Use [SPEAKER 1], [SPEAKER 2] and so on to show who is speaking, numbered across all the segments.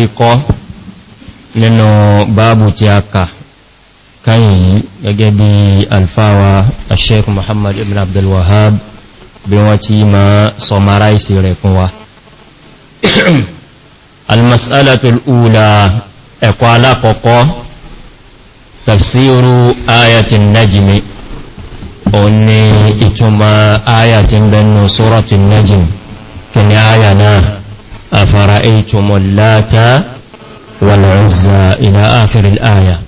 [SPEAKER 1] ríkọ́ nínú báàbù tí a kà káyìn yìí gẹ́gẹ́ bí alfáwa sheikh muhammad ibn abdulwahab bí wọ́n ti ma sọmaráìsì rẹ̀ fún wa almasalatul ula ẹ̀kọ́ alákọ̀ọ́kọ́ tafsiru ayatin najmi òun ni ìtumọ̀ ayatin bẹnu suratul najmi kìnnì aya náà أفرأيتم اللات والعزى إلى آخر الآية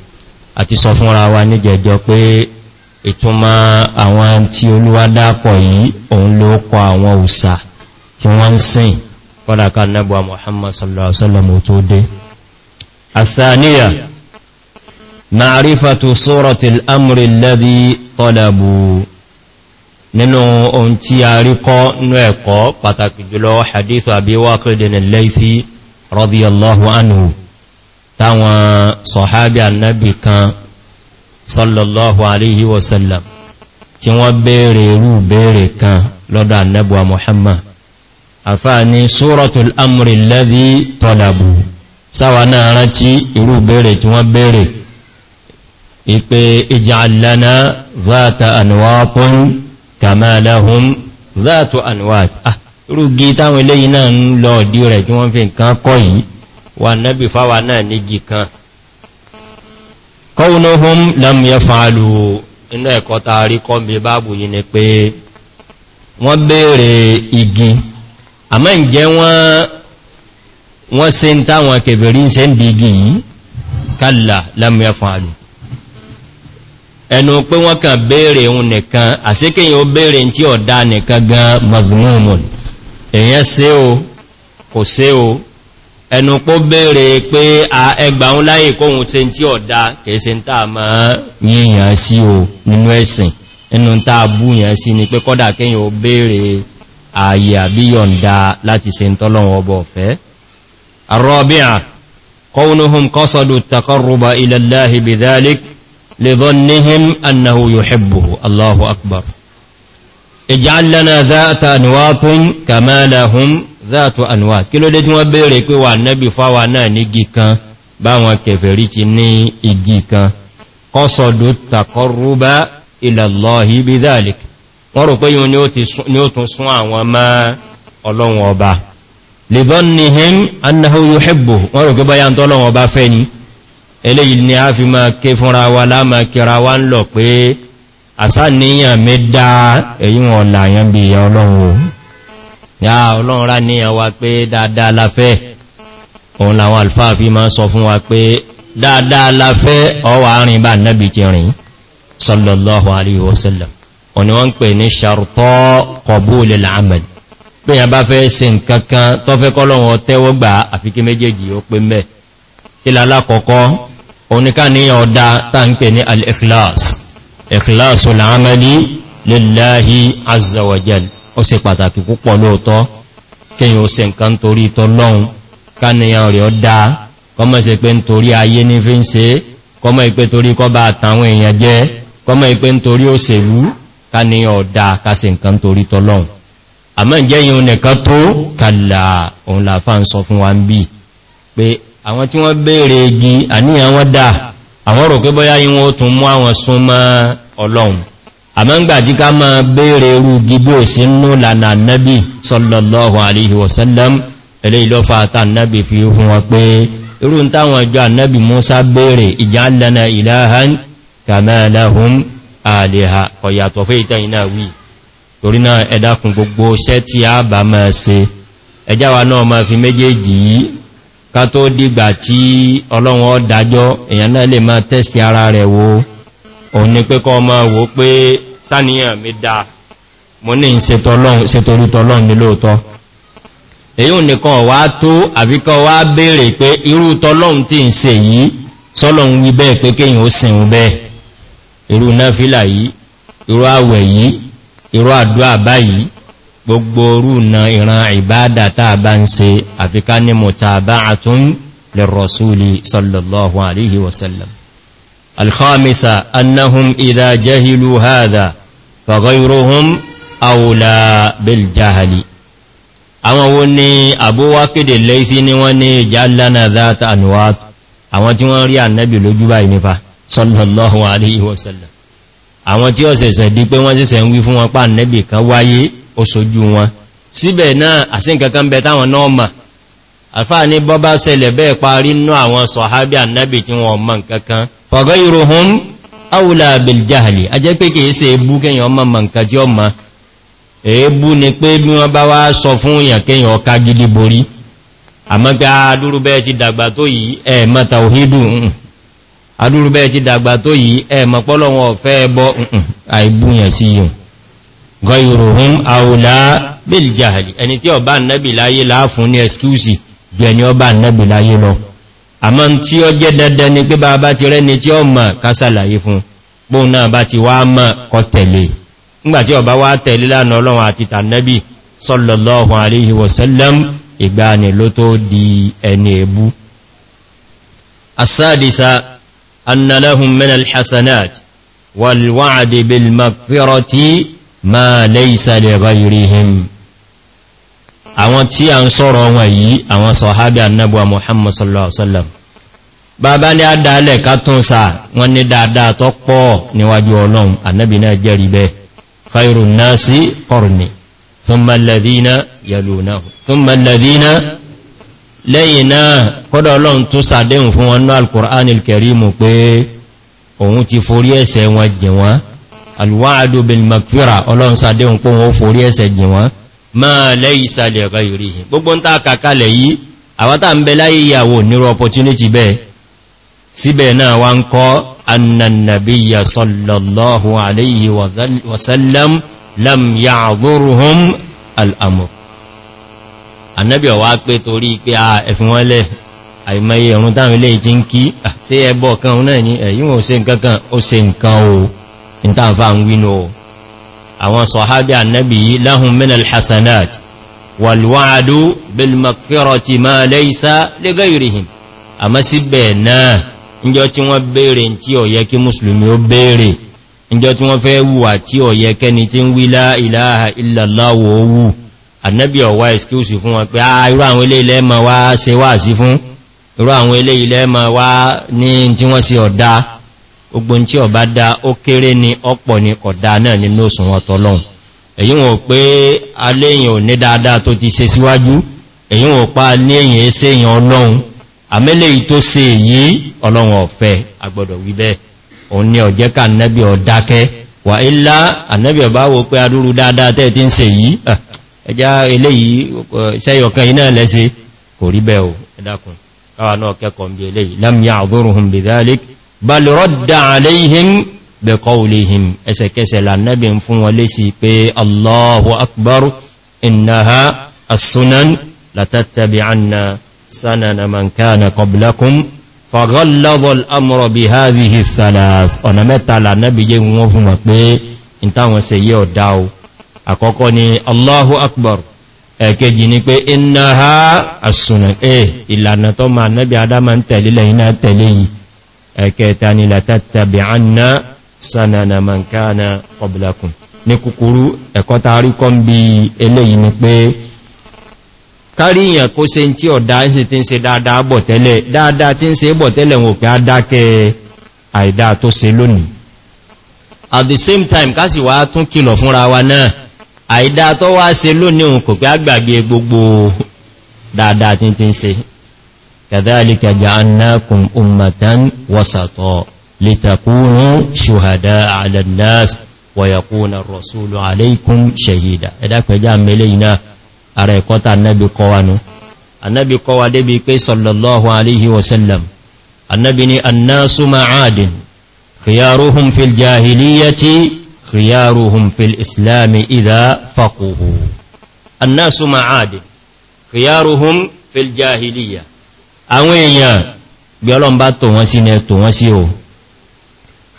[SPEAKER 1] àti sọ fúnra wa ní jẹjọ pé ìtumọ̀ àwọn tí Olúwa dákọ̀ yìí òun ló kọ àwọn òsà tí wọ́n ń sìn kọ́dàká nẹ́bọ̀ Muhammad sallallahu alaihi wasallam tó dé. àthàníyà ma'rifatu suratil amri alladhi talabu nínú ohun tí a rí kọ́ nú ẹ̀kọ́ pàtàkì jùlọ hadithu Abi Waqid al-Laythi radiyallahu anhu táwọn sọ̀hábí annabi kan sallallahu alaihi wasallam tí wọ́n béèrè irú béèrè kan lọ́dọ̀ annabuwa Muhammad àfáà ní suratul ìpé ij'al lana dhata anwaatin kama lahum dhatu anwat ah rugi táwọn eléyìí náà ń lọ ọ̀dí rẹ̀ tí wọ́n fi nǹkan kọ́ yìí wà náàbì fáwà náà nígi kan qawluhum lam yaf'alu inú ẹ̀kọ́ taari kọ́ mi báàbù yìí ni pé wọ́n béèrè igi àmọ́ ǹjẹ́ wọ́n wọ́n ṣe ń táwọn kèbèrè ń ṣe ń bí igi yìí kalla lam yaf'alu ẹnu pé wọ́n kàn béèrè ohun nìkan àsíkèyàn ó béèrè tí ọ̀dá nìkan gan mazmumun èyàn sí o kò sí o ẹnu pó béèrè pé a ẹgbàun láyé kóhun tí tí ọ̀dá kèsí tá a yíyàn sí o nínú ẹ̀sìn inú tá a búyàn sí ni pé kọ́dà kéyàn ó béèrè ààyè àbí yọ̀ǹda láti ṣe ń tọ́lọ́wọ́ التقرب إلى الله بذلك لظنهم أنه يحبه الله أكبر اجعل لنا ذات أنواط كما لهم ذات أنواط kí ló dé tí wọ́n béèrè pé wà nábì fáwà náà ní igi kan báwọn kèfèrí ti ní igi kan قصدوا التقرب إلى الله بذلك wọ́n rò pé yíò ni ó tún sún àwọn má ọlọ́run ọba لظنهم أنه يحبه wọ́n rò pé báyá ń tọ́lọ́run ọba fẹ́ ni eléyìí ni a fi máa ké fúnra wa láàmà kíra wá ń lọ pé àsá níyàn mi dá èyí wọn làyàn bí ìyà ọlọ́run ya ọlọ́run rá níyàn wa pé dáadáa láfẹ́ òun làwọn alfáà fi máa sọ fún wa pé dáadáa láfẹ́ ọwà rìn bá nẹ́bì ti rìn sallallahu alayhi wa sallam òní wọ́n ń pè ní ṣàrùtọ́ kọbúlẹ̀ láàmàl pé yàn bá fẹ́ ṣe nǹkankan tọ́fẹ́ kọ́lọ́run ìlàlá kọ̀kọ́ oníká ní ọ̀dá tá ń pè ní al-ikhlas ikhlasul amali lillahi azza wa jal ó ṣe pàtàkì púpọ̀ lóòtọ́ kíyàn ó ṣe nǹkan torí tọ́lọ́un káníyàn rẹ̀ ọ̀dá kọmọ̀ sí pé nítorí ayé ní fi ń ṣe kọmọ̀ ìpé torí kọ́ bá àtàwọn èèyàn jẹ́ kọmọ̀ ìpé nítorí òṣèlú káníyàn ọ̀dá kásì nǹkan torí tọ́lọ́un àmọ́ ìjẹ́yìn nìkan tó kàlà òun làfáà ń sọ fún wa ń bí pé àwọn tí wọ́n béèrè igi àníyàn wọ́n dá àwọn rò pé bọ́yá yíwọ́n ó tún mú àwọn súnmọ́ ọlọ́run àmọ́ngbàjí ká máa béèrè irú gígbó sí lànà nábì sallallahu alaihi wasallam ilé ìlọ́fà àtà nábì fi fún wọn pé ij'alana ilahan kama lahum aliha ọ̀yàtọ̀ fẹ́ ìtẹ́ iná wí torí náà ẹ̀dàkùn gbogbo iṣẹ́ tí a bá máa fi méjèèjì yìí ká tó dìgbà tí ọlọ́run ó dájọ́ èyàn náà lè máa tẹ́sì ara rẹ̀ wo òun ni pé kọ́ ma wo pé sáníyàn mi dá mo ní ìṣètòlútọ́lọ́run ní lóòtọ́ èyí ò nìkan wá tó àbíkọ́ wá béèrè pé irú tọ́lọ́run tí ń ṣe yìí sọ́lọ́run wí bẹ́ẹ̀ pé kéyàn ó sìn bẹ́ẹ̀ irú náfílà yìí irú àwẹ̀ yìí irú àdúà báyìí gbogbo rúnà ìran ìbádà táa bá ń se àfiká ní mutaba'atun lirrasuli sallallahu alaihi wasallam alkhamisa annahum idha jahilu hadha faghayruhum awla bil jahali àwọn wo ni àbúwá kéde lẹ́ifí ni wọ́n ní jálánà dhata anwat àwọn tí wọ́n rí annabi lójú báyìí nípa sallallahu alaihi wasallam àwọn tí ó di pé wọ́n ṣẹ̀ṣẹ̀ ń wí fún wọn pa annabi kan wáyé oṣojú wọn síbẹ̀ náà àsínkankan bẹ táwọn náà mà alfáà ní bọ́ bá ṣẹlẹ̀ bẹ́ẹ̀ parí nú àwọn sọ̀hábí annabi tí wọn mọ̀ nkankan fọ̀gọ́ ìròhún áwùlà biljahali a jẹ́ pé kìí ṣe ebú kẹyàn ọmọ mọ̀ nkan tí ó mọ̀ èébú ni pé bí wọ́n bá wá sọ fún èèyàn kẹyàn adúrúbẹ́ ti dàgbà tó yìí ẹ̀ fẹ́ bọ́ àìbúyàn sí yìí gọ́ìrùhún àwòlá bíljahàlì ẹni tí ọba annabi láyé láàfún ní ẹskúsì bí ẹni ọba annabi láyé lọ àmọ́ tí ó jẹ́ dandan ni pé bá bá ti rẹ́ni tí ó mọ̀ kásàlàyé fún bóun náà bá ti wá mọ̀ kọ tẹ̀lé nígbàtí ọba wá tẹ̀lé lánà ọlọ́run àti ma laysa li ghayrihim àwọn tí a ń sọ̀rọ̀ wọn yìí àwọn sọ̀hábí annabuwa muhammad sallallahu alaihi wasallam bàbá ní àdálẹ̀ kátúnsà wọn ní dáadáa tó pọ̀ níwájú ọlọ́run annabi náà jẹ́rì bẹ́ khayru nasi qarni thumma alladhina yalunahum thumma alladhina lẹ́yìn náà kọ́dọ̀ ọlọ́run tún sàdéhùn fún wọn náà al-Qur'anil karimu pé ti forí ẹ̀ṣẹ̀ wọn jìn wọn alwa'adu bil maghfira ọlọ́run sáadé ń pọ́ wọn ó forí ẹ̀ṣẹ̀ jì wọ́n ma laysa li ghayrihim gbogbo ń ta kàkalẹ̀ yìí àwátà ń bẹ láyé ìyàwó nírò opportunity bẹ́ẹ̀ síbẹ̀ náà wá ń kọ́ annannabiyya sallallahu alayhi wa sallam lam ya'dhurhum al'amur annabi ọwá pé torí ìtànfà ń wínú àwọn sọ̀hábí annabi yí lahum min alhassanat walwa'adu bil makfirati ma laysa li ghayrihim a masibẹ̀ náà ìjọ tí wọ́n bèèrè tí ó yẹ kí musulmi ó bèèrè ìjọ tí wọ́n fẹ́ wùwà tí ó yẹ kẹni tí ń wí la ilaha illallah ó wù annabi ọwá excuse fún wọn pé ah, irú àwọn ilé ilẹ̀ ma wá ṣe wá sí fún irú àwọn ilé ilẹ̀ ma wá ní tí wọ́n sí ọ̀dá gbogbo tí ọ bá dá ó kéré ní ọ̀pọ̀ ní kọ̀dá náà nínú òsùn ọ̀tọ̀lọ́un èyí wọn pé aléyìn ò ní dáadáa tó ti ṣe síwájú èyí wọn pa aléyìn ẹsẹ èyàn ọlọ́run àmẹ́lẹ̀ yìí tó ṣe èyí ọlọ́run ọ̀fẹ́ agbọ́dọ̀ wí bẹ́ẹ̀ òun ni ọ̀jẹ́ ká nẹ́bí ọ̀dákẹ́ wà ilá ànẹ́bí ọ̀bá wo pé adúrú dáadáa tẹ́ ti ah, lam ya'dhuruhum bidhalik bal radda alayhim bi qawlihim ẹsẹ̀kẹsẹ̀ lànẹ́bì ń fún wọn lé sí pé allahu akbar innaha as-sunan latattabi'anna sanana man kana qablakum faghalladhal amru bi hadhihi thalath ọ̀nà mẹ́ta lànẹ́bì yé wọn fún wọn pé in táwọn ṣe yé ọ̀dá o àkọ́kọ́ ni allahu akbar ẹ̀kejì ni pé innaha as-sunan eh ìlànà tó ma nẹ́bì adá ma ń tẹ̀lé lẹ́yìn náà tẹ̀lé ẹ̀kẹta ni latattabi'anna sanana man kana qablakum ní kúkúrú ẹ̀kọ́ tarí kọ́ bí eléyìí ni pé kárí ìyàn kó se tí ọ̀dá ń se tí ń se dáadáa bọ̀ tẹ́lẹ̀ dáadáa tí ń se bọ̀ tẹ́lẹ̀ wọn pé á dákẹ́ àìdá tó se lónìí at the same time ká wá tún kìlọ̀ fúnra wa náà àìdá tó wá se lónìí òun kò pé á gbogbo dáadáa tí ń se كذلك جعلناكم أمة وسطا لتكونوا شهداء على الناس ويكون الرسول عليكم شهيدا إذا جعل ملينا أريقات النبي قوانو النبي قوانو دبي كي صلى الله عليه وسلم النبي الناس معاد خيارهم في الجاهلية خيارهم في الإسلام إذا فقهوا الناس معاد خيارهم في الجاهلية àwọn èèyàn bí ọlọ́n bá tò wọ́n sí ní ẹ̀tò wọ́n sí o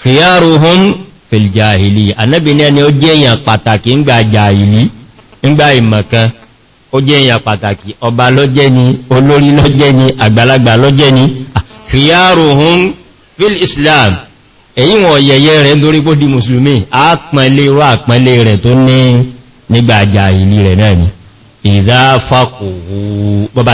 [SPEAKER 1] khiyaruhum fil jahili anábi ní ẹni ó jẹ́ èèyàn pàtàkì ńgbà jahili ńgbà ìmọ̀kan ó jẹ́ èèyàn pàtàkì ọba lọ́jẹ́ olórí lọ́jẹ́ àgbàlagbà lọ́jẹ́ ni khiyaruhum fil jahili rẹ̀ náà ni ìdáfàkòwò bọ́bá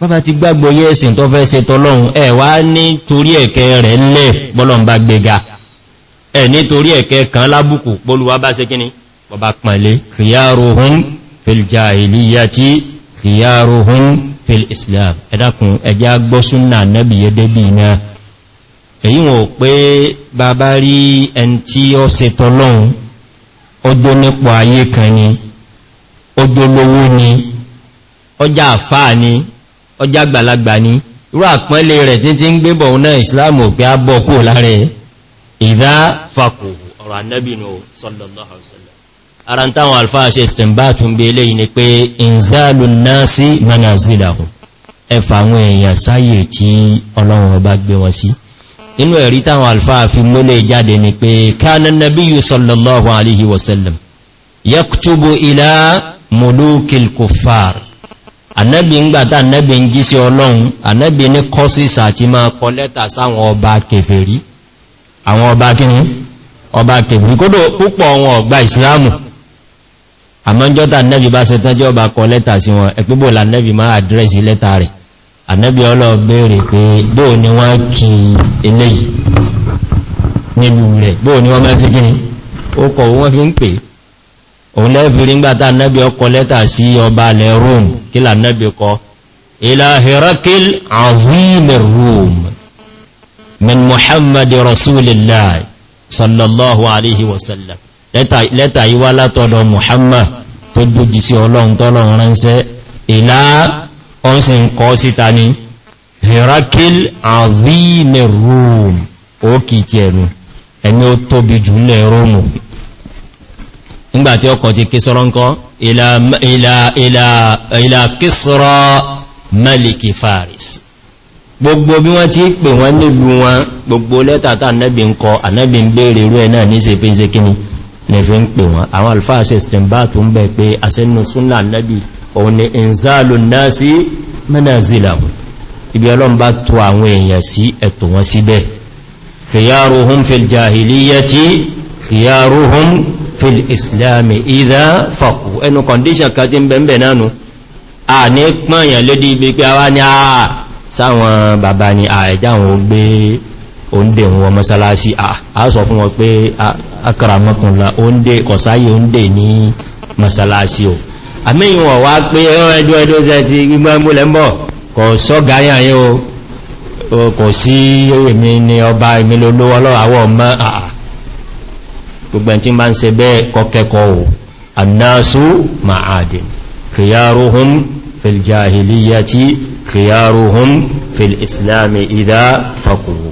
[SPEAKER 1] bọ́bá ti gbàgbọ́ yẹ́ ẹ̀sìn tó fẹ́ ṣe tọ́lọ́run ẹ̀ wá ní torí ẹ̀kẹ́ rẹ̀ lẹ̀ bọ́lọ̀n bá gbẹ̀gà ẹ̀ ní torí ẹ̀kẹ́ kan lábùkù pólúwá bá ṣe kíní bọ́bá pàlẹ̀ khiyaruhum fil jahiliyati khiyaruhum fil islam ẹ̀dàkùn ẹjá gbọ́ súnnà nẹ́bì yẹ́dẹ́bì náà èyí ọjọ́ àfáà ni ọjá gbàlagbà ní irú àpọ́nlé rẹ̀ tí tí ń gbébọ̀ náà ìsìláàmù pé á bọ́ kú láàrẹ ìdá fàkù ọ̀rọ̀ annabinu sallallahu alaihi wasallam ara ń táwọn alfáà ṣe stembatu àwọn inú ẹ̀rí táwọn alfáà fi múlẹ̀ jáde ni pé kánà nabiyu sallallahu alaihi wasallam yaktubu ila mulukil kuffar ànẹ́bì ń gbàtà ànẹ́bì ń jí sí ọlọ́run ànẹ́bì ní kọ́sísà ti máa kọ lẹ́tà sáwọn ọba kèfèrí àwọn ọba kíní ọba kèfèrí kódò púpọ̀ wọn ọgbà ìsìláàmù àmọ́jọ́ta ànẹ́bì bá se tán jẹ́ ọba kọ lẹ́tà sí wọn ẹ̀pígbò lànẹ́bì ni wọ́n kí eléyìí nílùú ni wọ́n mẹ́sí kíní ó òun lẹ́bìrí ngbàtà nẹ́bì ọkọ̀ lẹ́tà sí ọba alẹ́ rome kí là nẹ́bì kọ ilá herakil azimi rome min muhammadi rasulillah sallallahu alaihi wasallam lẹ́tà yíwá látọ̀dọ̀ muhammad tó gbójí sí ọlọ́run tọ́lọ́run ránṣẹ́ ilá ọ́nsìn kọ́ síta ni herakil azimi rome ó kìí ti ẹ̀nu ẹni ó tóbi jù rome nígbàtí ọkọ̀ ti kísọ́rọ̀ ńkọ́ ìlà kísọ́rọ̀ maliki faris gbogbo bí wọ́n ti pè wọ́n nílù wọn gbogbo lẹ́tà tà nẹ́bí ń kọ ànẹ́bí ń bèèrè rú ẹ̀ náà ní ṣe pín ṣe kíní nẹ̀fẹ́ ń pè wọ́n àwọn alfáà ṣe stemba tó ń bẹ̀ pé àṣẹ́nu súnà nẹ́bí òun ni fil islami ìdá faku ẹnu kọndíṣàn kan tí ń bẹ̀m̀bẹ̀ nánu a ní pọ̀nyàn lédí ibi pé a wá ní àà sáwọn bàbá ni àẹjá wọn gbé oúnjẹ wọn mọ́sálásí a sọ fún wọn pé akàràmọ́kùnlá oúnjẹ kọ̀sáyé oúnjẹ ní mọ́sálásí o àmìyàn wọ̀ wá pé ẹjọ́ ẹjọ́ ṣe ti gbígbọ́ múlẹ̀ mọ́ kọ̀ sọ́gáyà ni ọba ìmìlólówọ́lọ́ àwọ̀ mọ́ àà gbogbo ẹ̀tí bá ń se bẹ́ẹ̀ kọkẹ́kọ́ ò annasu ma'adin khiyaruhum fil jahiliyyati khiyaruhum fil islami idha faqahu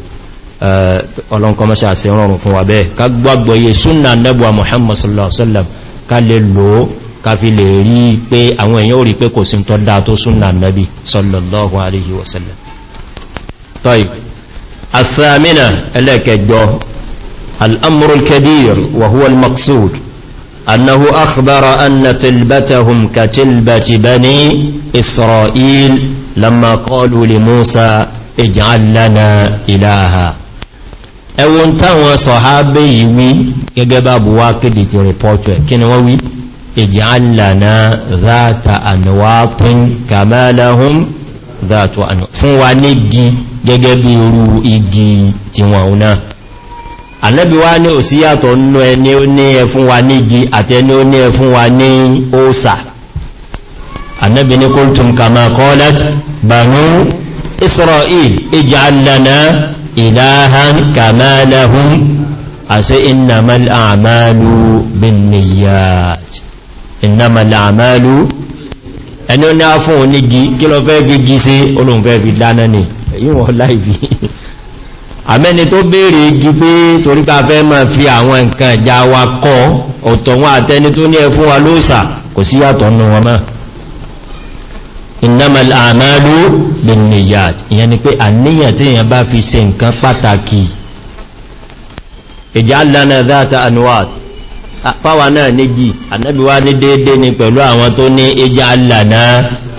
[SPEAKER 1] ọlọ́nkọmọ́ṣà sí rọrùn fún wa bẹ́ẹ̀ ká gbogbo iye súnà nẹ́bùwa muhammad sallallahu alaihi wasallam ká lè lò ó ká fi lè rí pé àwọn èèyàn الأمر الكبير وهو المقصود أنه أخبر أن تلبتهم كتلبت بني إسرائيل لما قالوا لموسى اجعل لنا إلها ẹwọ́n táwọn sọ̀hábé yìí wí gẹ́gẹ́ bá buwá kéde ti rìpọ́tù ẹ̀ kí ni wọ́n wí ìjì alànà záàtà ànàwápín kàmàláhùn záàtà ànà fún wa ní gi gẹ́gẹ́ bí irú igi tiwọn náà ànẹ́bí wá ní òsí yàtọ̀ nínú ẹni ó ní ẹfún wa ní igi àti ẹni ó ní ẹfún wa ní òsà ànẹ́bí ní qultum kama qalat banu isra'il ij'al lana ilahan kama lahum àṣẹ innamal a'malu binniyat innamal a'malu ẹni ó ní á fún onígi kí lọ fẹ́ àmẹ́ni tó béèrè igi pé torípa fẹ́ máa fi àwọn nǹkan ìjà wa kọ́ ọ̀tọ̀ wọn àtẹni tó ní ẹ fún wa lóòsà kò sí yàtọ̀ nù wọn náà innamal a'malu binniyat ìyẹn ni pé àníyàn tí èyàn bá fi ṣe nǹkan pàtàkì ij'alna dhata anwat fáwa ni pẹ̀lú àwọn tó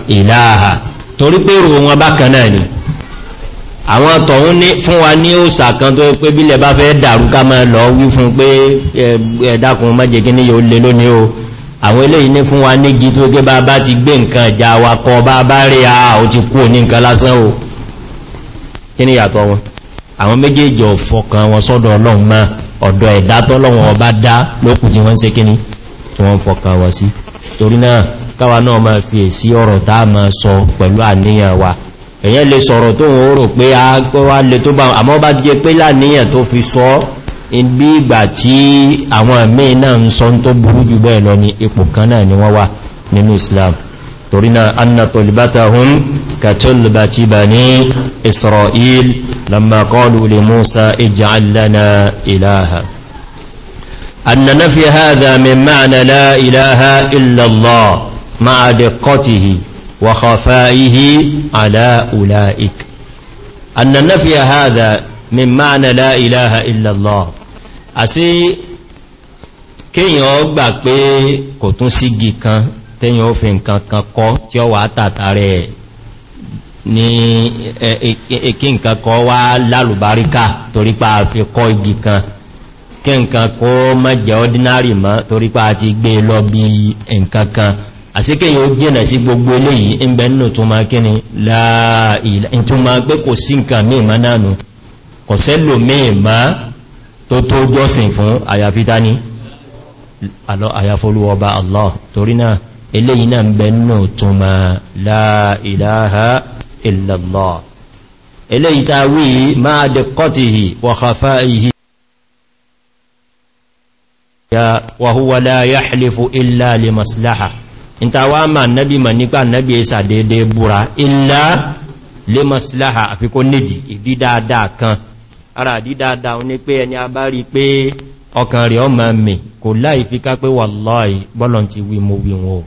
[SPEAKER 1] ilaha torí pé rò wọn bákan àwọn tọ̀hún ní fún wa ní òsà kan tó pé bílẹ̀ bá fẹ́ dàrú ká máa lọ wí fún pé ẹ̀dàkùn májèkí ní yóò lè lónìí o àwọn eléyìí ní fún wa nígi tó gé bá bá ti gbé nǹkan ìjà wa kọ bá bá rí a ò ti kú ní nǹkan lásán o kí ni yàtọ̀ wọn àwọn méjèèjì ọ̀fọ̀kan wọn sọ́dọ̀ ọlọ́run máa ọ̀dọ̀ ẹ̀dá tọ́lọ́wọ̀n ọba dá lókù tí wọ́n ń se kíní tí wọ́n fọ̀kan wá sí torí náà káwa náà máa fi èsí ọ̀rọ̀ tá máa sọ pẹ̀lú àníyàn wa èyàn lè sọ̀rọ̀ tó wọ́n rò pé a kọ́wà lè tó bá àmọ́ bá jẹ pé láníyàn tó fi sọ ibi ìgbà tí àwọn ẹ̀mí náà ń sọ tó burú jù bẹ́ẹ̀ lọ ní ipò kan náà ni wọ́n wà nínú islam torí anna tolibata hun katolibati bá ní israel lamma kọlu lè musa ija allana ilaha anna na fi haza min ma'ana la ilaha illallah ma'a وخفائه على أولئك أن النفي هذا من معنى لا إله إلا الله أسي kíyàn ó gbà pé kò tún sígi kan tẹ́yàn ó fi ẹ̀kí nǹkan kọ́ wá lálùbáríkà torípa fi kọ́ igi kan kí nǹkan kó mẹ́jẹ̀ ordinary mọ́ torípa ti gbé lọ bí nǹkan kan àsíkẹ́yìn ó jẹ́nà sí gbogbo eléyìí ń bẹ nínú tó máa kíni láàílá tó máa gbé kò sí nǹkan mí ma náà nù kò sẹ́lò mẹ́ẹ̀má tó tó jọ́sìn fún àyàfíta ní àyàfolúwọba allah torí náà eléyìí náà ń bẹ nínú tó máa láàíláha illallah eléyìí ta ìtawà ma nábi ma nípa nábi ẹsà dédé búra ilá lè masláha àfikún nìdí ìdídáadáa kan ara ìdídáadáa ní pé ẹni a bá rí pé ọkàn rẹ̀ ọmọ mi kò láì fi ká pé wàláì bọ́lọ̀n ti wí mo wí wọn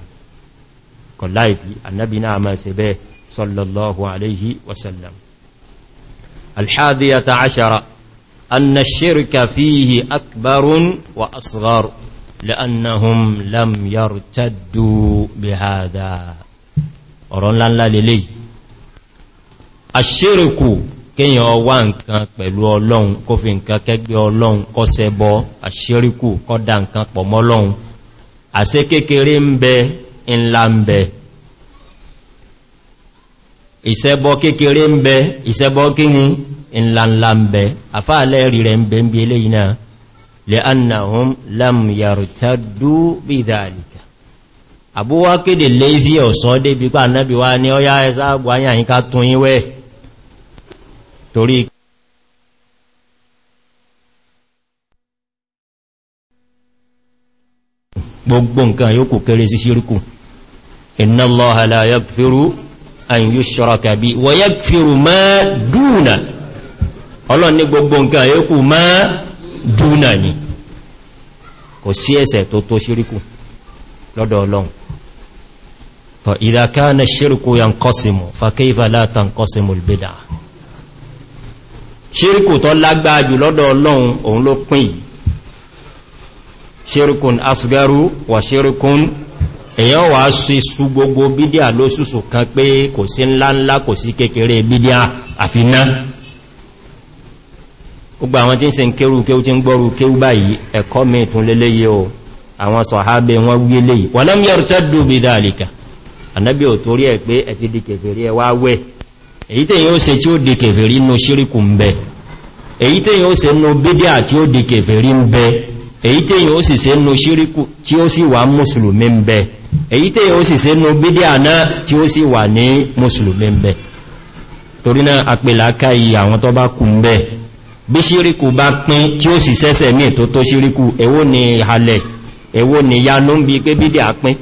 [SPEAKER 1] kò láì fi annabi náà máa لأنهم لم يرتدوا بهذا ọ̀rọ̀ ńláńlá lélé àṣírìkù kíyàn wá nǹkan pẹ̀lú ọlọ́run kó fi nǹkan kẹgbẹ́ ọlọ́run kọ́ sẹbọ àṣírìkù kọ́ dá nǹkan pọ̀ mọ́lọ́run àṣẹ kékeré ń bẹ ńlá ń bẹ ìṣẹbọ kékeré ń bẹ ìṣẹbọ kíni ńláńlá ń bẹ àfáàlẹ́ rí rẹ̀ ń bẹ ń bí eléyìí náà لأنهم لم يرتدوا بذلك أبو Waqid al-Laythi ọ̀sọ́ dé bí pa náàbí wá ní ọya ẹsá àgbáyà yìí ká tún yín wẹ́ torí gbogbo nǹkan yóò kéré sí ṣíríkù inna Allaha la yaghfiru an yushraka bihi wa yaghfiru ma duna Ọlọ́run gbogbo nǹkan yóò kù máa dúnà ni kò sí ẹ̀ṣẹ̀ tó tó ṣíríkù lọ́dọ̀ ọlọ́run tọ̀ ìdákáàna ṣíríkù ya ń kọ́sìmù fàkífà látà ń kọ́sìmù ìbídà ṣíríkù tó lágbàá jù lọ́dọ̀ ọlọ́run òun ló pín ṣírkùn asgaru wà ṣírkùn èyàn wà sísú gbogbo bídíà lóṣùsù kan pé kò sí ńláńlá kò gbogbo àwọn tí ń se ń kéwú kéwú tí ń gbọ́rù kéwú báyìí ẹ̀kọ́ mi tún léléyé o àwọn sọ̀hábẹ̀ wọ́n wí léyìí wọ́n lọ́m yẹ̀rù tẹ́dù bí dáàlìkà ànábí ò torí ẹ̀ pé ẹ̀ ti di kèfèrí ẹ wá wẹ́ èyí tẹ́yìn ó se tí ó di kèfèrí nú ṣíríkù ń bẹ èyí tẹ́yìn ó se nú bídí àti ó di bí ṣíríkù bá pín tí ó sì sẹ́sẹ̀ mí tó tó ṣíríkù èwo ni halẹ̀ èwo ni yanú ń bí pé bídí àpín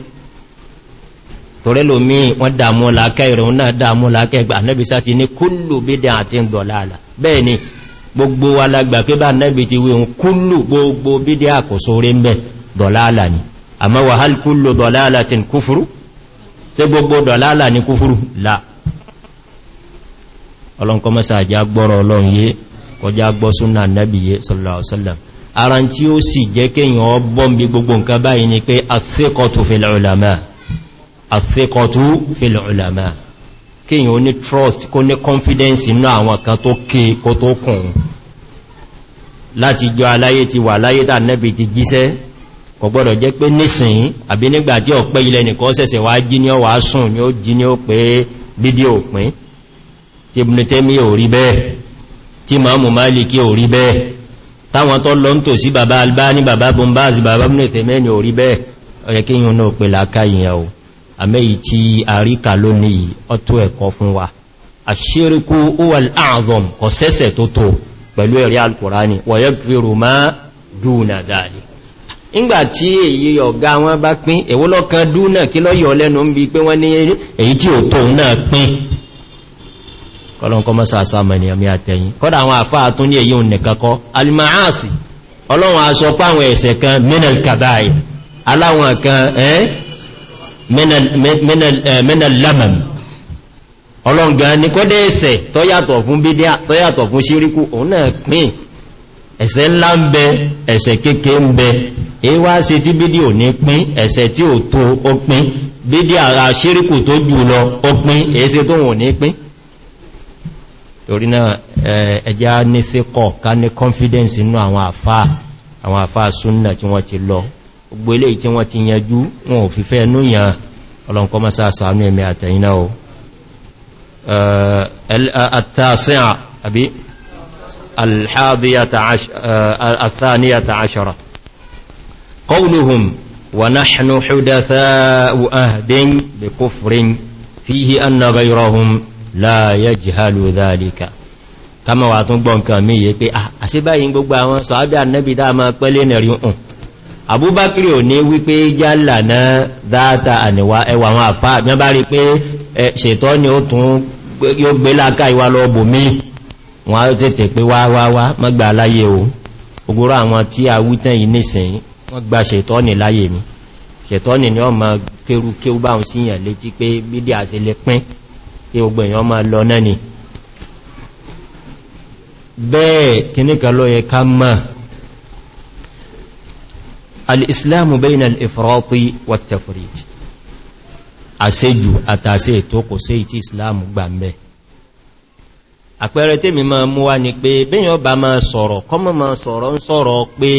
[SPEAKER 1] torẹ́ lómi wọ́n dàmú lákẹ́ ìrùn náà dàmú lákẹ́ ìgbà nẹ́bí sáti ní kúlù bídí àti ń dọ̀láàlà bẹ́ẹ̀ ni gbogbo alágbà pé bá nẹ́bí ti wíhun kúlù gbogbo bídí àkóso rí mẹ́ dọ̀láàlà ni àmá wàhálì kúlù dọ̀láàlà ti kúfurú sí gbogbo dọ̀láàlà ni kúfurú la ọlọ́nkọ́mọ́sà àjá gbọ́rọ̀ ọlọ́run yìí kọjá gbọ́ súnà nẹ́bìyẹ sọ́lọ̀ọ̀sọ́lọ̀ ara tí ó sì jẹ́ kéyàn ọbọ́mbi gbogbo nǹkan báyìí ni pé àfẹ́kọ̀tù fìlọ̀ọ̀làmà kéyàn ó ní trust kó ní confidence inú àwọn kan tó ké kó tó kùn láti jọ aláyé ti wà láyé tà nẹ́bì ti jíṣẹ́ kò gbọ́dọ̀ jẹ́ pé nísìn àbí nígbàtí ọ̀pẹ́ ilẹ̀ nìkan sẹ̀sẹ̀ wá jí ní ọwà sùn ní ó jí ní ó pé bídí òpin tí ibùnitẹ́mí ò rí bẹ́ẹ̀ tí Ìmáàmù Málíkì ò rí bẹ́ẹ̀ táwọn tó lọ ń tò sí bàbá Albani bàbá bombaz bàbá mẹ́ni ò rí bẹ́ẹ̀ ọ̀yẹ́ kí yíò náà pè láká ìyẹn o àmẹ́yí tí àríkà lónìí ọ̀tọ̀ ẹ̀kọ́ fún wa àṣíríkú huwal a'zam kò sẹ́sẹ̀ tó tó pẹ̀lú ẹ̀rí alkùránì wa yakfiru ma duna dhalik ọlọ́run kọ́ mọ́sá àsámọ̀ ènìyàn mi àtẹ̀yìn kọ́dà àwọn àfáà tún ní èyí òǹnìkan kọ́ alimaasi ọlọ́run aṣọ páwọn ẹ̀ṣẹ̀ kan minal kabai aláwọn kan ẹ́ minal lamam ọlọ́run gan ní kọ́dẹ̀ ẹ̀ṣẹ̀ tó yàtọ̀ fún bídíà tó yàtọ̀ fún ṣíríkù òun náà pín ẹ̀ṣẹ̀ ńlá ń bẹ ẹ̀ṣẹ̀ kéèké ń bẹ èyí wá ṣe tí pín torí náà ẹjá ní fíkọ̀ ká ní confidence inú àwọn àfáà àwọn àfáà súnnà tí wọ́n ti lọ gbogbo ilé tí wọ́n ti yanjú wọn ò fi fẹ́ ẹnú yàn ọlọ́nkọ́ masá sàánú ẹ̀mẹ́ àtẹ̀yìnà o la yajhalu dhalika kama wa tún gbọ́ nǹkan mi ye pé ah àṣebáyìí gbogbo àwọn sahabi annabi da ma pele ne ri un abubakar ní wí pé na data aniwa e wa wọn afa mi bá rí pé ṣètọ́ ni ó tún yóò gbé laka iwa lọ bo mi a wí tán yìí nísìn wọ́n ni láyé ni ṣètọ́ ni ni ó ma kéru kéu kí ogbò èèyàn máa lọ náà ni bẹ́ẹ̀ kìníkà ló yẹ ká mọ́ al'islamu bayna al'ifrati wa tafrid àṣejù àtàṣe ètò kò sí ìtí islamu gbà mẹ́ àpẹẹrẹ tí mi máa mú wá ni pé bíyàn bá máa sọ̀rọ̀ kọ́mọ̀ máa sọ̀rọ̀ ń sọ̀rọ̀ pé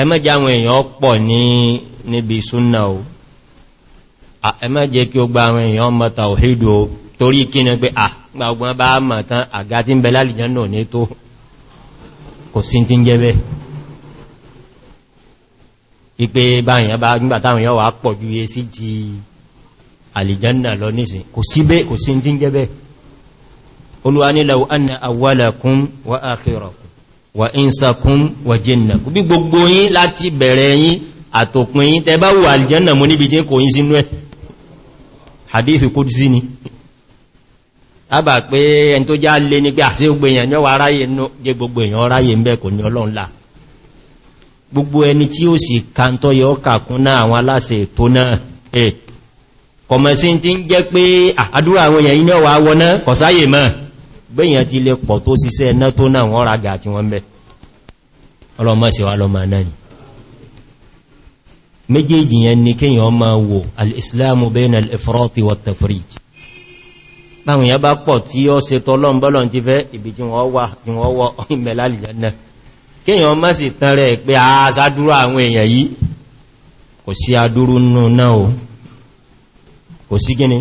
[SPEAKER 1] ẹmẹ́jà èèyàn pọ̀ ní níbi súnnà ẹmọ́ jẹ́ kí ó gba àwọn èèyàn mọ́ tàwíìdù torí kí ní pé à gba ọgbọ́n bá mọ̀ tán àga tí ń bẹ lálìjẹ́ náà ní tó kò sí tí ń jẹ́ bẹ́ ipé báyìí bá wà pọ̀ ju iye sí ti àlìjánà lọ nísìn kò sí bẹ́ kò sí tí ń jẹ́ bẹ́ olúwa ní wa akhirakum wa insakum wa jinnakum bí gbogbo yín láti bẹ̀rẹ̀ yín àtòpin yín tẹ Hadithu kúrúsí ni àbà pé ẹni tó já lé ní pé àti ah, gbogbo èèyàn ní ọwà aráyè ní jẹ gbogbo èèyàn aráyè ń bẹ́ kò ní ọlọ́run là gbogbo ẹni tí ó sì kàntọ́ yọ kàkún náà àwọn aláṣẹ ètò náà ẹ̀ kọ̀mọ̀sí ti ń jẹ́ pé ah, àdúrà àwọn èèyàn méjèèjì yẹn ni kíyàn ma wo al'islamu bẹ́ẹ̀nà al'ifrọ́ti wa tafrij báwọn ya bá pọ̀ tí ó se tọ́lọ́n bọ́lọ́n ti fẹ́ ibi tí wọ́n wà tí wọ́n wọ́ ìmẹ̀lá lìjẹ́nà kíyàn má sì tán rẹ̀ pé àásádúrú àwọn èèyàn yìí kò sí adúrú nù náà o kò sí gíní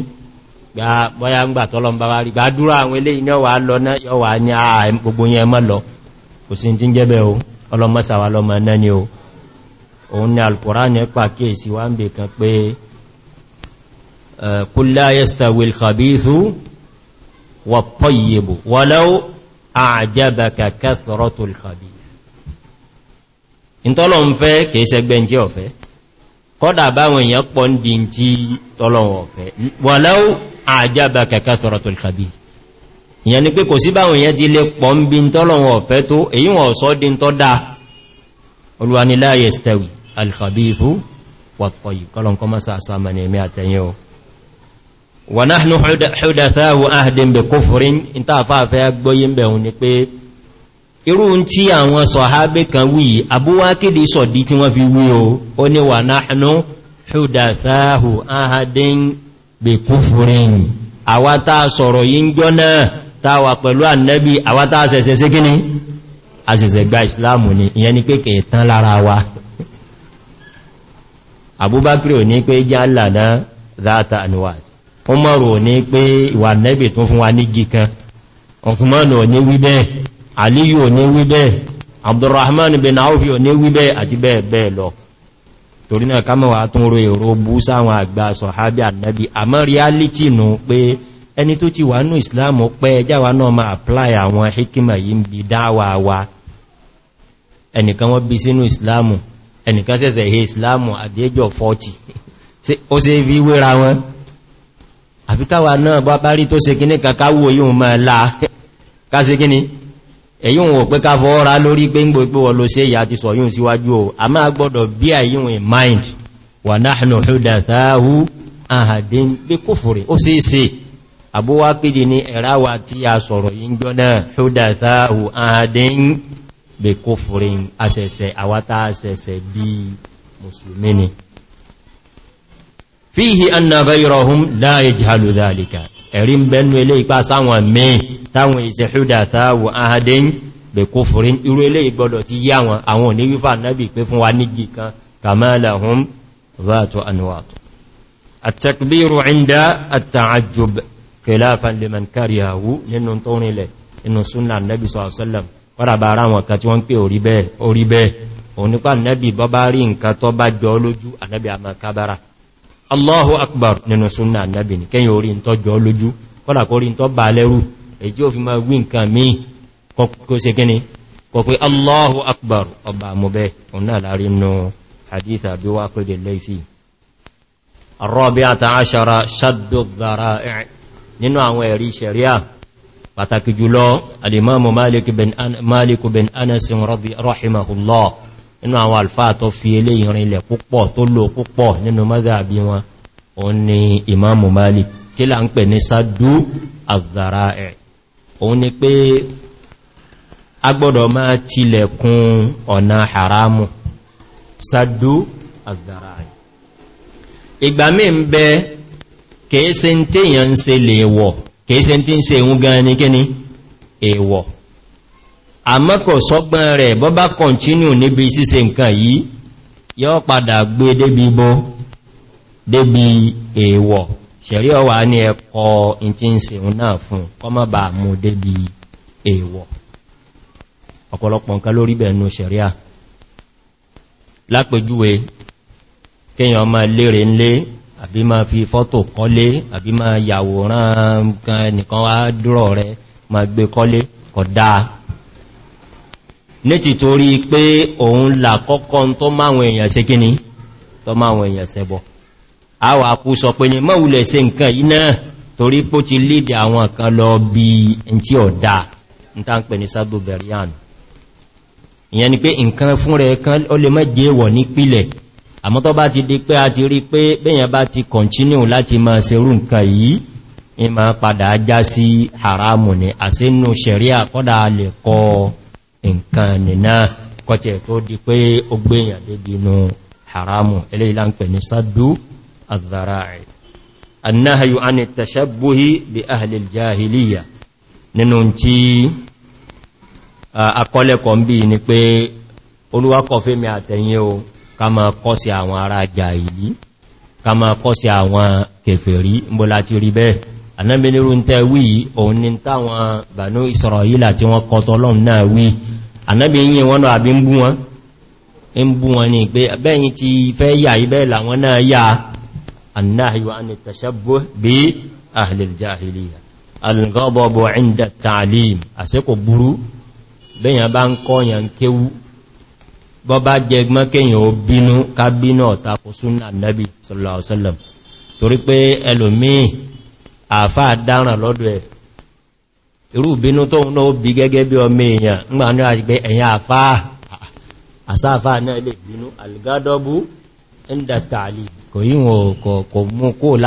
[SPEAKER 1] bọ́yá òun ni alkùránì pa kíèsí wá ń bè kan pé eh, qul la yastawi al-khabithu wat-tayyibu walau a'jabaka kathratu al-khabith ìtọ́lọ̀ ń fẹ́ kìí sẹgbẹ́ tí ọ̀fẹ́ kọ́dà báwọn èèyàn pọ̀ ń di tí tọ́lọ̀wọ̀ ọ̀fẹ́ walau a'jabaka kathratul khabith ìyẹn ni pé kò sí báwọn èèyàn ti lè pọ̀ ń bí tọ́lọ̀wọ̀ ọ̀fẹ́ tó èyí wọ́n tọ́ dáa olúwa ni alkhabithu wat-tayyib kọlọ̀n kọ mọ́sá sáàmà ní ẹ̀mí àtẹ̀yìn o wa nahnu hudathawu ahdin bi kufrin in ta fàfẹ́ gbọ́yí ń bẹ̀hùn ni pé irú ń tí àwọn sọ̀hábé kan wí abúwákìdí sọ̀dí tí wọ́n fi wí o ó ní wa nahnu náà táwà pẹ̀lú ànẹ́bí àwa tá sẹ̀sẹ̀ sí abúbákírí ò ní pé jálà náà záta àníwà ọmọrò ò ní pé ìwà nẹ́bì tó fún wa ní gíkan ọ̀tùmọ́nù ò ní wíbẹ̀ aliyu ò ní wíbẹ̀ abdurrahman bin aufi ò ní wíbẹ̀ àti bẹ́ẹ̀ bẹ́ẹ̀ lọ torí náà ká mọ́wàá tún ro èrò bú sáwọn àgbà sọ̀hábí ànábí àmọ́ reality nù pé ẹni tó ti wà ní islam pẹ́ wa ẹnìkan wọ́n bí sínú islamu ẹnìkan ṣẹ̀ṣẹ̀ ihe islamu àdéjọ 40 ó ṣe fi wéra wọn àfikáwà náà bá bá rí tó ṣe kíní kàkà wò yíò mọ́ la ká ṣe kíní èyí wọn pé ká fọ́ọ́ra lórí pé ń gbò pé wọ́n ló ṣe ìyà ti sọ̀yún síwájú o a máa gbọ́dọ̀ bí mind wà náà hudathahu ahadin bí kufri ó sì sí àbúwá pìdí ní ẹ̀ráwà tí a sọ̀rọ̀ yí ń jọ náà hudathahu ahadin bè kó fòrin asẹsẹ àwátá asẹsẹ bí musulmi ni fíhì annàbà ìrọ̀hún láàyè jihàlù dhalika ẹ̀rí ń bẹnu ilé ipá sáwọn mẹ́ táwọn ìṣẹ́ ṣúdà táwọ ahadin bè kó fòrin irú ilé ìgbọ́dọ̀ ti yí àwọn àwọn òní náàbì pé fún wa nígi kan kàmálàhún ذات أنواط التكبير عند التعجب خلافا لمن كرهه لأنه انطوني له إنه سنة النبي صلى الله عليه kọ́dàbà ara wọn kan tí wọ́n ń pè orí bẹ́ẹ̀ òun nípa nẹ́bì bọ́ bá rí nǹkan tó bá jọ lójú ànẹ́bì àmà kábára allahu akbar nínú súnnà ànẹ́bì ní kẹ́yìn orí tó jọ lójú kọ́dàkórí tó bà lẹ́rù èyí ò fi máa wí nǹkan mí nínú àwọn ẹ̀rí ṣẹ̀ríà pàtàkì jùlọ alìmọ́mù malik bin anasin rọ́bí rahimahullah inú àwọn alfáà tó fi ilé ìrìn ilẹ̀ púpọ̀ tó lò púpọ̀ nínú mọ́dàbí wọn òun ni imamu malik kí là ń pè ní sádú àzàrà ẹ̀ òun ni pé agbọ́dọ̀ máa tilẹ̀kùn ọ̀nà haramu sádú àzàrà ẹ̀ ìgbàmí ń bẹ kèése ń tèèyàn ń se lè wọ̀ kèése tí ń ṣe ìhun gan ní kíní èèwọ̀ àmọ́kọ̀ sọ́gbọ́n rẹ̀ bọ́ bá kọ̀ntínú níbi ṣíṣe nǹkan yìí yọ́ padà gbé débi bọ́ débi èèwọ̀ ṣẹ̀rí ọwà ní ẹkọ̀ tí ń ṣe ìhun náà fún kọmọ́bà mú débi èèwọ̀ ọ̀pọ̀lọpọ̀ nǹkan lórí bẹ̀ẹ̀nu ṣẹ̀ríà lápẹjúwe kéèyàn ọmọ lérè àbí ma fi fọ́tò kọ́lé àbí ma yàwòrán nìkan wá dúró rẹ ma gbé kọ́lé kọ̀dá ní ti torí pé òun là kọ́kọ́ tó máwọn èèyàn ṣe kíní tó máwọn èèyàn ṣẹbọ àwà kú sọ pé ní mọ́wulẹ̀ ṣe nǹkan yìí náà torí pó ti lédè àwọn kan lọ bí n tí ọ̀dá n tá ń pè ní sábò bẹ̀ríyàn ìyẹn ni pé nǹkan fún kan ó lè mọ́ wọ̀ ní pìlẹ̀ àmọ́ tó bá ti di pé a ti rí pé bẹ́yàn bá ti continue láti máa ṣerú nǹkan yìí in ma padà já sí haramu ni àsínú ṣẹ̀ríà kọ́dà lè kọ nǹkan nìna kọ́tí ẹ̀ tó di pé ó gbéyàn débi inú haramu eléyìí ní saddu adh-dhara'i ká ma kọ́ sí àwọn ará ajá yìí ká ma kọ́ sí àwọn kèfèrí mbó láti rí bẹ́ẹ̀ anábìnirú ń tẹ́ wí òun ni táwọn bànú Isra'ila tí wọ́n kọtọ́ lọ́n náà wí anábìnyìn wọn náà àbí ń bú wọn al-ghadabu inda at-ta'lim àsìkò burú bẹ́yìn bá ń kọ́ yàn kéwú bọ́ bá jẹ ẹgbọ́n kíyàn ó bínú ká bínú ọ̀tàkù súnà nẹ́bí sallallahu alaihi wasallam torí pé ẹlòmíì àfá dáràn lọ́dọ̀ ẹ̀ irú bínú tóun náà bí gẹ́gẹ́ bí ọmọ èèyàn ńgbà ní àti pé ẹ̀yàn àfá àsáfà náà lè bínú algádọ́bú inda ta'lil kò yíwọ̀n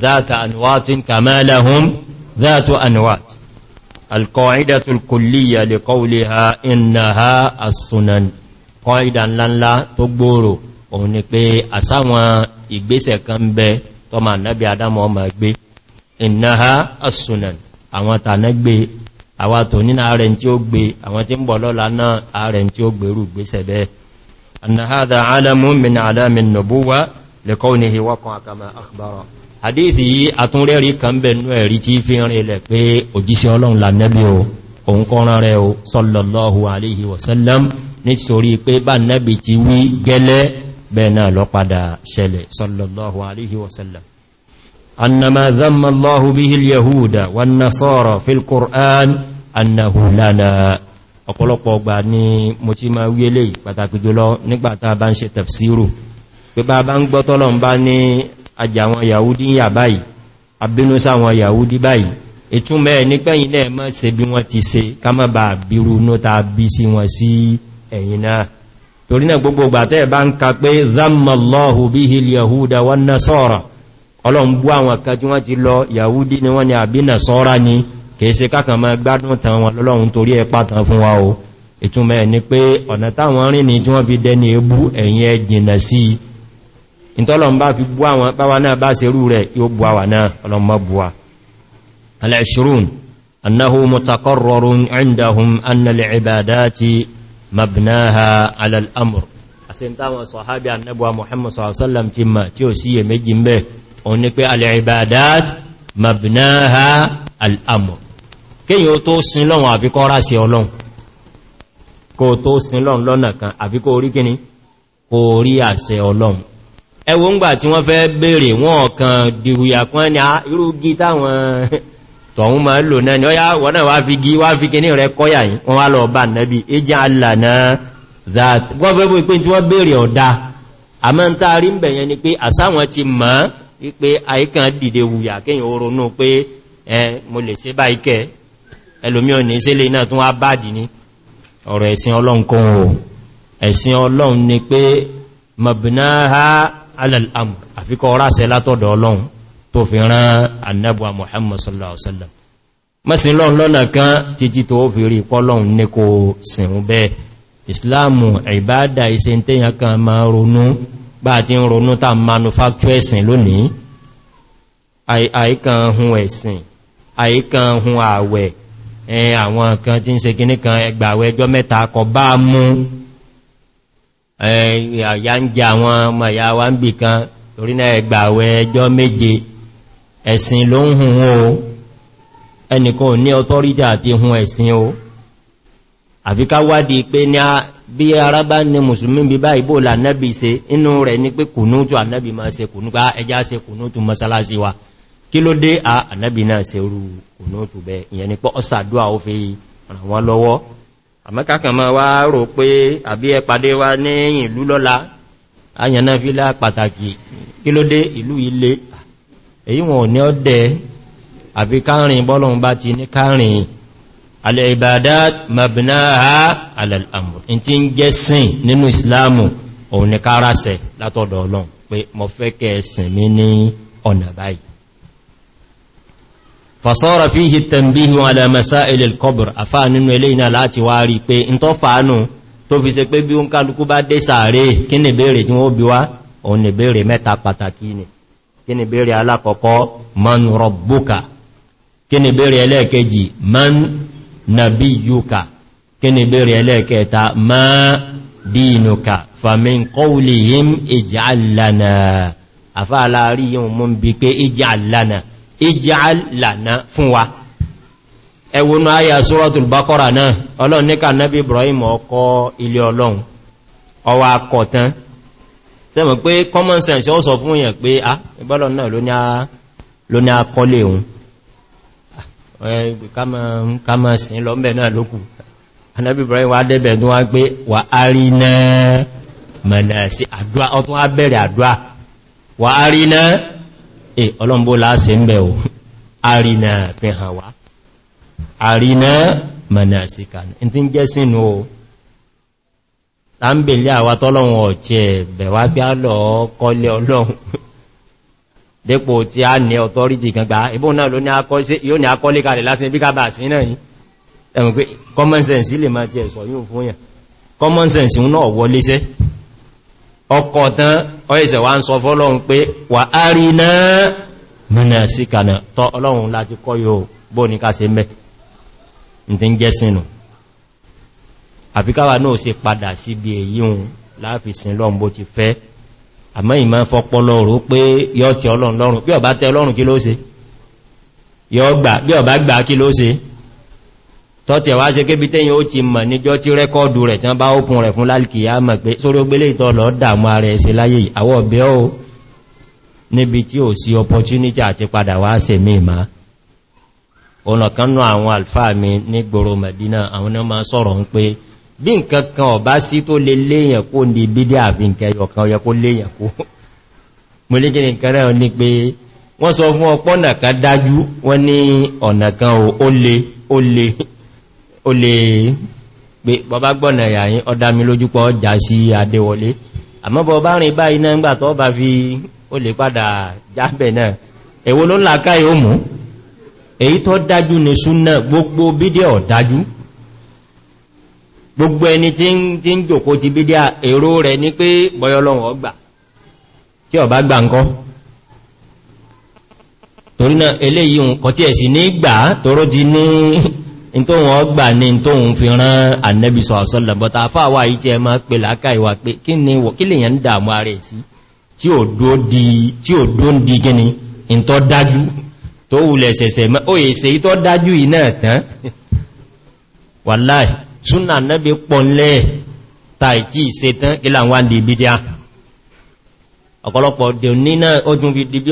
[SPEAKER 1] ذات أنوات كما لهم ذات أنوات القاعدة الكلية لقولها إنها السنن قاعدة لنلا تقبورو òní pé àsáwọn ìgbésẹ̀ kan bẹ tó ma nábi adámọ̀ إنها gbé ìnáha asùnà àwọn tànà gbé àwọn tó nínú ààrẹ tí ó gbé àwọn tí ń bọ̀ lọ́la náà ààrẹ tí ó gbèrú gbésẹ̀ bẹ́ẹ̀ annáhádà alamun min alamin nubuwa lẹ́kọ́ àdíìsì yí àtúnrẹ́rí kan bẹ̀nú ẹ̀rí tí fi rìn ilẹ̀ pé òjíṣẹ́ ọlọ́run la nẹ́bí o òun kọ́ran rẹ̀ o sọ́lọ̀lọ́hu aléhi wasallam nítorí pé bá nẹ́bí ti wí gẹ́lẹ́ bẹ́ẹ̀ náà lọ padà ṣẹlẹ̀ sọ́lọ̀lọ́hu aléhi wasallam annama zamma allahu bihi al-yahuda ajá àwọn yahudi yà báyìí abínúsá àwọn yahudi báyìí ìtúnmẹ́ nípẹ́yìn náà mọ́ se bí wọ́n ti se ká mọ́ bá bírú ní ta bí sí wọn sí ẹ̀yìn náà torí náà gbogbo gbàtẹ́ bá ń ka pé zammallahu bí ni wọ́n ni àbí na sọ́rọ̀ ni kèèse kákan mọ́ gbádùn tàn wọn lọ́lọ́run torí ẹ pàtàn fún wa o ìtúnmẹ́ ni pé ọ̀nà táwọn rìn tí wọ́n fi dẹni ebú ẹ̀yìn ẹjìnà sí i ìtọ́lọ̀n bá fi bú àwọn báwa náà bá se rú rẹ̀ yóò bú àwà náà ọlọ́mọ búwa al'ashirun annahu mutakarrarun indahum annal ibadati mabnaha alal'amur a sin táwọn sahabi annabuwa muhammad sallam ti ma tí ó síye méjì mẹ́ òun ni pé al'ibadat mabnaha al'amur kíyàn tó sin lọ́wọ́n àfikọ́ rá sí ọlọ́run kó tó sin lọ́nà kan àfikọ́ orí kíni kó rí àṣẹ ọlọ́run ẹwọ́n gbà tí wọ́n fẹ́ bèèrè wọn ọ̀kan dìrùyà kan ní ah, irú táwọn tọ̀hún ma lò náà ni ó yá wọ́n náà wá fi gí wá fi kì ní rẹ kọ́yà yìí wọ́n wá lọ bá nẹ́bí ẹjẹ́ alànà that wọ́n fẹ́ bó pé tí wọ́n bèèrè ni pé àsáwọn ti mọ́ wípé àìkàn dìde wùyà kíyàn oronú pé ẹ mo lè ṣe báyìí kẹ ẹlòmí ò ní sílé náà tún wá báàdì ọ̀rọ̀ ẹ̀sìn ọlọ́run ẹ̀sìn ọlọ́run ni pé mọ̀bìnáà alàl'am àfikọ́ ráṣẹ látọ̀dọ̀ ọlọ́run tó fi rán annabuwa muhammad sallallahu alaihi wasallam mọ́sí lọ́n lọ́nà kan títí tó fi rí pọ́lọ́n ní kò sìnrún bẹ́ẹ̀ islamu ìbádà iṣẹ́ tẹ́yàn kan ma ronú bá ti ń ronú ta manufacture ẹ̀sìn lónìí àìkan hun ẹ̀sìn àìkan hun àwẹ̀ àyà ń jẹ àwọn ọmọ ìyá wa ń bì kan torí náà ẹgbà àwẹ̀ ẹjọ́ méje ẹ̀sìn ló ń hùn o ẹnìkan ò ní ọtọ́ríjà àti hun ẹ̀sìn o àfi ká wádìí pé ní bí ara bá ní mùsùlùmí bí bá ìbò lànẹ́bì ṣe inú rẹ̀ ní pé kùnútù ànẹ́bì máa ṣe kùnútù ẹjá ṣe kùnútù mọ́sálásí ni pọ́ ọ̀sàdúà ó fi ràn àmọ́kàkàn máa wá rò pé àbí ẹpàdé wa ní ìlú lọ́la ayànà fílá pàtàkì kí ló dé ìlú ilé èyí wọn ò ní ọdẹ àfi káàrin bọ́lọ̀un bá ti ní káàrin al-ibadat mabnaha ala al in ti ń jẹ́ sìn nínú islamu òun ni kárásẹ̀ látọ̀dọ̀ ọlọ́run pé mo sìn mí ní ọ̀nà báyìí fàṣọ́rọ̀ fi hì tẹ̀m̀bíhì alàmẹ́sá ilẹ̀ kọbùr àfáà nínú ilé iná láti wá rí pé in tó fàánù tó fi ṣe pé bí ó ń kálukú bá dé sàárè kí ni bèèrè tí wọ́n bí wá òun ni bèèrè mẹ́ta pàtàkì ni kí ni bèèrè alákọ̀ọ́kọ́ man rọ̀bùkà
[SPEAKER 2] kí ni bèèrè ẹlẹ́ẹ̀kejì
[SPEAKER 1] man nàbíyùkà kí ni bèèrè ẹlẹ́ẹ̀kẹta ma dínùkà fàmin kọ́wùlìhìm ìjà lánàá láàrí yíò mú bí pé ìjà ij'al lana fún wa ẹwọnú ayà suratul baqara náà ọlọ́run ní ká nábi ibrahim ọkọ̀ ilé ọlọ́run ọwà akọ̀tán sẹ́mọ̀ pé common sense ó sọ fún èèyàn pé a ah, ìbọ́lọ̀ náà ló ní akọ́lé òun ah, ká máa sin lọ́m̀bẹ̀ náà lókù anábi ibrahim e eh, ọlọ́mbó láàṣẹ ń bẹ̀ o àrìnà fi hàn wá àrìnà mọ̀nà síkà ní tí ń jẹ́ sínú o láàmbèlé àwà tọ́lọ́run ọ̀tẹ́ bẹ̀wà bí á lọ kọlẹ̀ ọlọ́run dépò tí a ní ọ̀tọ́rìtì gangba ibò náà ló ní akọ́lé kalẹ̀ lásìn bí common sense lè máa ti common sense ń náà ọkọ̀ tán ọ̀yẹ̀sẹ̀ wá ń sọ fọ́lọ́run pé wà á rí náà mìnà sí kànà tọ́ ọlọ́run láti kọ́ yóò bó ní ká se mẹ́ tí ń jẹ́ sínú àfikáwà náà se padà síbi èyí hun láàfisìn lọ́run bó ti fẹ́ àmọ́ ìmọ́ fọ́pọ́lọ́rù pé tọ́tí ẹ̀wà ṣe kébí tẹ́yìn ó ti mọ̀ níjọ́ tí rẹ́kọ́ọ̀dù rẹ̀ tán bá ókun rẹ̀ fún lálìkìyà mọ̀ pé sórí ogbélé ìtọ́lọ̀ dàmú ààrẹ ẹ̀ṣẹ̀ láyé àwọ̀ ọ̀bẹ́ ó níbi tí ò sí opportunity àti padà wá ṣe mímá ọ̀nàkannú àwọn alfáà mi ní gbòrò Mẹ̀dínà àwọn náà máa sọ̀rọ̀ ń pé bí nǹkan kan ọ̀bá sí tó lè léyàn kó ní bídí àbí nǹkan ọ̀kan ọ̀yẹ kó léyàn kó wọ́n sọ fún ọpọ́nà kan dájú wọ́n ní ọ̀nà kan ó le ó le o lè pé bọba gbọ́nà ìyàyìn ọdá mi lójúpọ̀ ọjà sí adéwọlé àmọ́ bọba rìn báyìí náà ńgbà tó bá fi o lè padà jábẹ̀ náà èwo ló làká yóò mú èyí tó dájú ní súnà gbogbo bídí ọ̀dájú gbogbo ẹni tí ń jòkó ti bídí èrò rẹ̀ ní pé bọ́yọ́lọ́wọ́ ọgbà tí ọba gbà ńkọ́ torí náà eléyìí kọ̀ tí ẹ̀sì ní gbà tóró ti ní in tó wọ́n gbà ní tó ń fi rán annabi sọ̀sọ́lọ̀ bọ́ta fáwà yìí tí ẹ máa pè láká ìwà pé kí ni wọ̀kílẹ̀ yẹn ń dàmú ààrẹ sí tí ò dó ń di gíní in tó dájú tó wulẹ̀ sẹ̀sẹ̀ ó èsẹ̀ tó dájú iná tán wàláì súnà annabi pọ̀nlẹ̀ tàìtì ìsetán ìlànwà di bí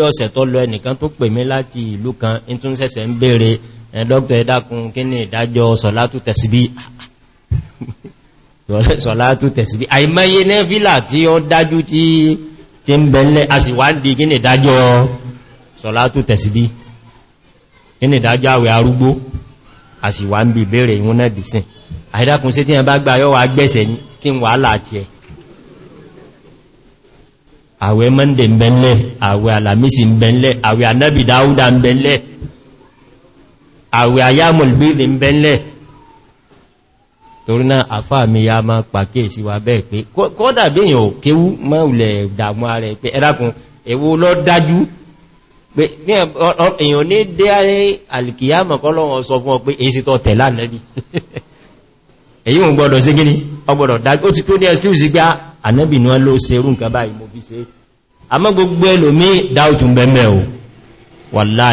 [SPEAKER 1] ọ̀sẹ̀ tó lọ ẹnìkan tó pè mí láti ìlú kan in tún sẹ́sẹ̀ ẹ̀dọ́kọ̀ eh, ẹ̀dàkùn kí ní ìdájọ́ sọ̀látù tẹ̀sìbí sọ̀látù tẹ̀sìbí àìmẹ́yẹ nẹ́fílà tí ó dájú tí tí ń bẹ̀lẹ̀ àsìwádìí kí ní ìdájọ́ sọ̀látù tẹ̀sìbí kí ní ìdájọ́ àwẹ̀ arúgbó àsìwá ń bí ìbéèrè ìwọ̀n náà dìsìn àìdákùn sí tí ẹ bá gbà yọ́ wa gbẹ̀sẹ̀ ní kí ń wàhálà àti ẹ̀ àwẹ̀ mọ́ndẹ̀ ń bẹ̀lẹ̀ àwẹ̀ alàmísì ń bẹ̀lẹ̀ àwẹ̀ anábì dáúdà ń bẹ̀lẹ̀ àwẹ̀ àyámọ̀lbíìdì ń bẹ́lẹ̀ torí náà àfáà mi ya máa pàkí èsì wa bẹ́ẹ̀ pé kọ́dà bíyàn ò kéwú mọ́ùlẹ̀ ìdàmú ààrẹ pé ẹ̀dàkùn èwo lọ dájú pé èyàn ní dé alìkìyàmọ̀ kọ́lọ́wọ́ sọ fún ọ pé èsì tọ́ tẹ̀lá nẹ́bí èyí wọn gbọ́dọ̀ sí gíní ọgbọ́dọ̀ dájú ó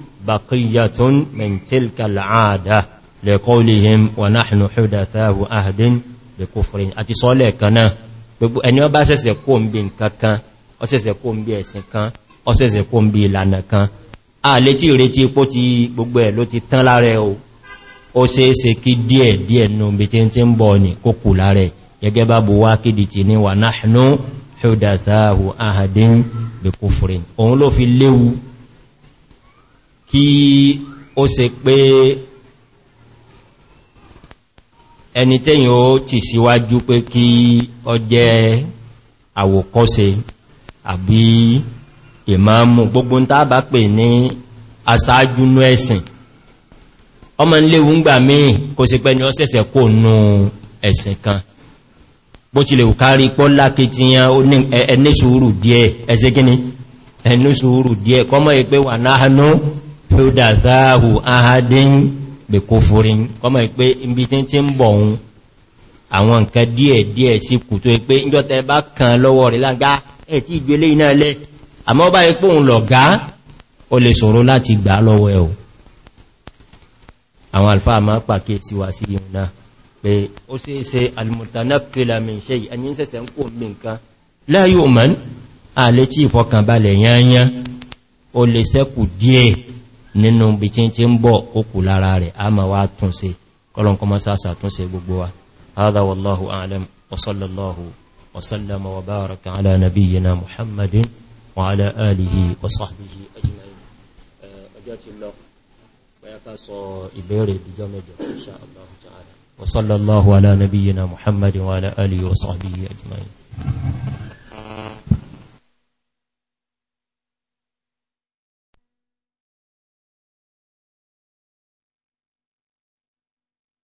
[SPEAKER 1] بقية من تلك العادة لقولهم ونحن حدثاه أهد بكفر àti sọ́lẹ̀ kan náà gbogbo ẹni ó bá ṣẹ̀ṣẹ̀ kó ń bí nǹkan kan ó ṣẹ̀ṣẹ̀ kó ń bí ẹ̀sìn kan ó ṣẹ̀ṣẹ̀ kó ń bí ìlànà kan a lè tí ìrètí ipò tí gbogbo ẹ̀ ló ti tán lára o ó ṣeéṣe kí díẹ̀ díẹ̀ nù bí tí tí ń bọ̀ ní kókù lára gẹ́gẹ́ bá bu wá kìdì tí ní wà náà hudathahu ahadin bi kufrin òun ló fi léwu kí ó ṣe pé ẹni tẹ́yìn ó ti síwájú pé kí ọ jẹ́ àwòkọ́ṣe àbí ìmáàmù gbogbo ń tàbá pè ní asáájú ní ẹ̀sìn ọmọ ń léwu ń gbà míì kò sí pẹ́ ni ọ sẹ̀sẹ̀ kò nú ẹ̀sìn kan bó ti lè kárí pọ́ lákìtíyàn ẹni sùúrù díẹ̀ ẹ̀sẹ́gíní ẹni sùúrù díẹ̀ kọmọ́ ìpé wà náà hudathahu ahadin bi kufrin kọmọ ìpé ibi tí tí ń bọ̀ ohun àwọn nǹkan díẹ̀ díẹ̀ sí kù tó pé ìjọta ẹbá kan lọ́wọ́ rẹ̀ lágbá ẹ̀ tí ìgbélé iná lẹ́ àmọ́ bá ipò òun lọ̀gá o lè sọ̀rọ̀ láti gbà lọ́wọ́ ẹ̀ o àwọn alfáà máa pàkíyè sí wa sí ìhun nínú bí tí tí ń bọ̀ okù lára rẹ̀ a ma wá túnse kọlọ̀nkọ́ masáàsà túnse gbogbo wa hádá wallahu alam wasallallahu wasallama wa baraka ala nabiyyina muhammadin wa ala alihi wa sahbihi ajma'in ọjọ́ ti lọ bóyá ká sọ ìbéèrè ìjọ mẹ́jọ